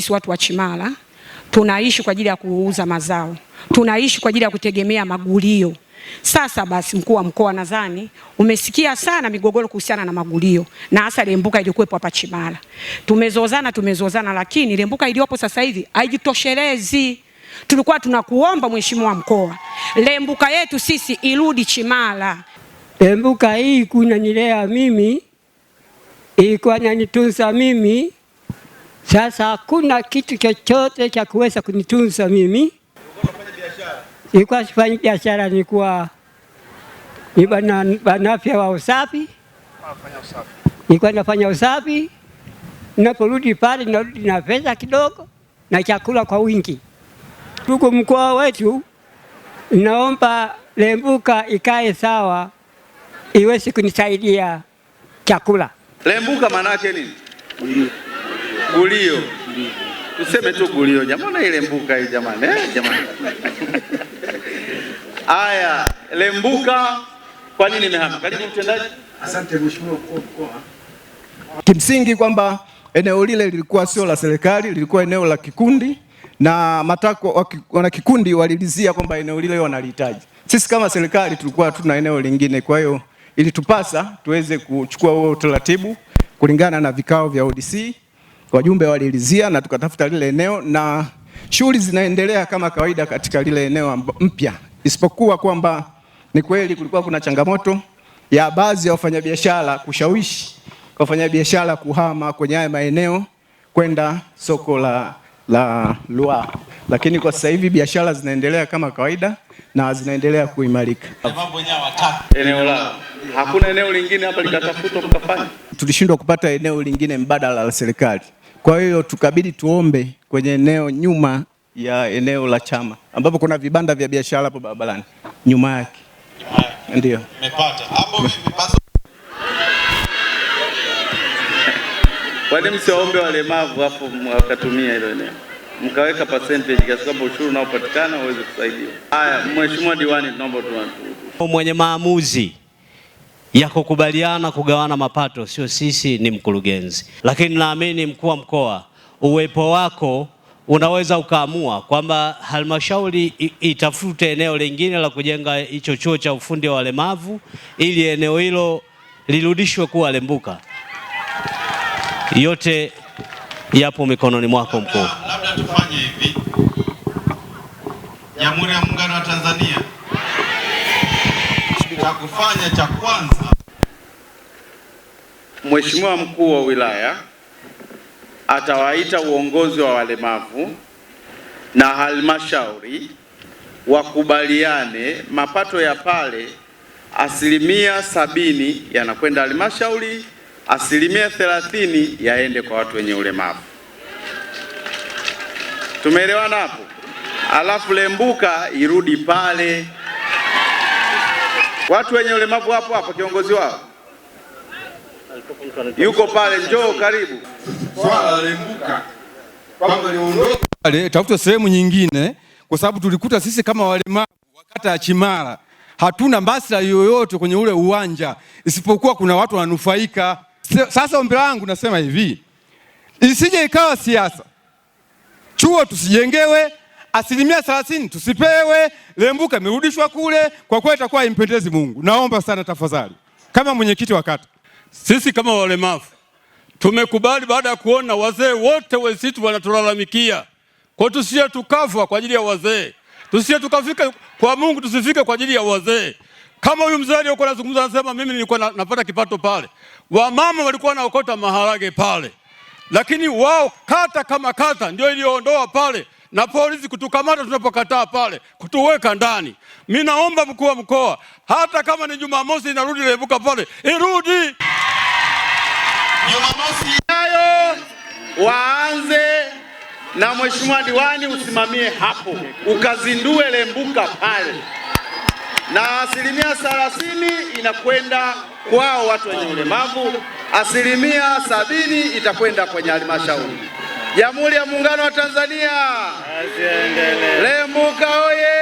sisi watu wa Chimala tunaishi kwa ajili ya kuuza mazao, tunaishi kwa ajili ya kutegemea magulio. Sasa basi, mkuu wa mkoa, nadhani umesikia sana migogoro kuhusiana na magulio na hasa lembuka iliyokuwepo hapa Chimala. Tumezozana, tumezozana, lakini lembuka iliyopo sasa hivi haijitoshelezi. Tulikuwa tunakuomba mheshimiwa mkoa, lembuka yetu sisi irudi Chimala. Lembuka hii kunanilea mimi, ilikuwa inanitunza mimi sasa hakuna kitu chochote cha kuweza kunitunza mimi. Nilikuwa sifanyi biashara, nilikuwa ni banafya wa usafi, nilikuwa nafanya usafi. Naporudi pale, narudi na pesa kidogo na chakula kwa wingi. Tuko mkoa wetu, naomba Lembuka ikae sawa, iweze kunisaidia chakula. Lembuka maana yake nini? gulio, tuseme tu gulio. Jamani, ile mbuka hii jamani, eh jamani. Aya, lembuka kwa nini imehama? Karibu mtendaji. Asante mheshimiwa mkuu wa Kimsingi kwamba eneo lile lilikuwa sio la serikali, lilikuwa eneo la kikundi na matako wana kikundi walilizia kwamba eneo lile wanalihitaji. Sisi kama serikali tulikuwa tuna eneo lingine, kwa hiyo ilitupasa tuweze kuchukua huo utaratibu kulingana na vikao vya ODC wajumbe walilizia na tukatafuta lile eneo na shughuli zinaendelea kama kawaida katika lile eneo mpya, isipokuwa kwamba ni kweli kulikuwa kuna changamoto ya baadhi ya wafanyabiashara kushawishi wafanyabiashara kuhama kwenye haya maeneo kwenda soko la la Lua, lakini kwa sasa hivi biashara zinaendelea kama kawaida na zinaendelea kuimarika. Eneo la hakuna eneo lingine hapa likatafutwa mkafanya, tulishindwa kupata eneo lingine mbadala la serikali. Kwa hiyo tukabidi tuombe kwenye eneo nyuma ya eneo la chama ambapo kuna vibanda vya biashara hapo barabarani nyuma yake. Ndio. Nimepata. Hapo mimi basi. Kwa nini msiwaombe walemavu hapo mkatumia hilo eneo? Mkaweka percentage kwa sababu ushuru unaopatikana uweze kusaidia. Haya, Mheshimiwa Diwani tunaomba tu. Mwenye maamuzi ya kukubaliana kugawana mapato sio sisi, ni mkurugenzi. Lakini naamini mkuu wa mkoa, uwepo wako unaweza ukaamua kwamba halmashauri itafute eneo lingine la kujenga hicho chuo cha ufundi wa walemavu ili eneo hilo lirudishwe kuwa lembuka. Yote yapo mikononi mwako mkuu. Labda tufanye hivi, Jamhuri ya Muungano wa Tanzania, cha kufanya cha kwanza Mheshimiwa mkuu wa wilaya atawaita uongozi wa walemavu na halmashauri wakubaliane, mapato ya pale asilimia sabini yanakwenda halmashauri, asilimia thelathini yaende kwa watu wenye ulemavu. Tumeelewana hapo? Alafu lembuka irudi pale, watu wenye ulemavu hapo hapo, kiongozi wao yuko pale, njoo karibu. Swala limbuka kwamba liondoke pale, tafute sehemu nyingine, kwa sababu tulikuta sisi kama walemavu wakata ya Chimala hatuna maslahi yoyote kwenye ule uwanja, isipokuwa kuna watu wananufaika. Sasa ombi langu nasema hivi, isije ikawa siasa, chuo tusijengewe, asilimia thelathini tusipewe, lembuka imerudishwa kule. Kwa kweli itakuwa impendezi Mungu. Naomba sana tafadhali, kama mwenyekiti wa kata sisi kama walemavu tumekubali baada ya kuona wazee wote wenzetu wanatulalamikia, kwa tusije tukafa kwa ajili ya wazee, tusije tukafika kwa Mungu, tusifike kwa ajili ya wazee. Kama huyu mzee aliyokuwa anazungumza anasema, mimi nilikuwa napata kipato pale, wamama walikuwa wanaokota maharage pale, lakini wao kata kama kata ndio iliyoondoa pale na polisi kutukamata tunapokataa pale, kutuweka ndani. Mimi naomba mkuu wa mkoa, hata kama ni Jumamosi inarudi levuka pale, irudi Jumamosi ijayo waanze na mheshimiwa diwani, usimamie hapo ukazindue lembuka pale, na asilimia thelathini inakwenda kwao watu wenye ulemavu, asilimia sabini itakwenda kwenye halmashauri. Jamhuri ya Muungano wa Tanzania, lembuka oye!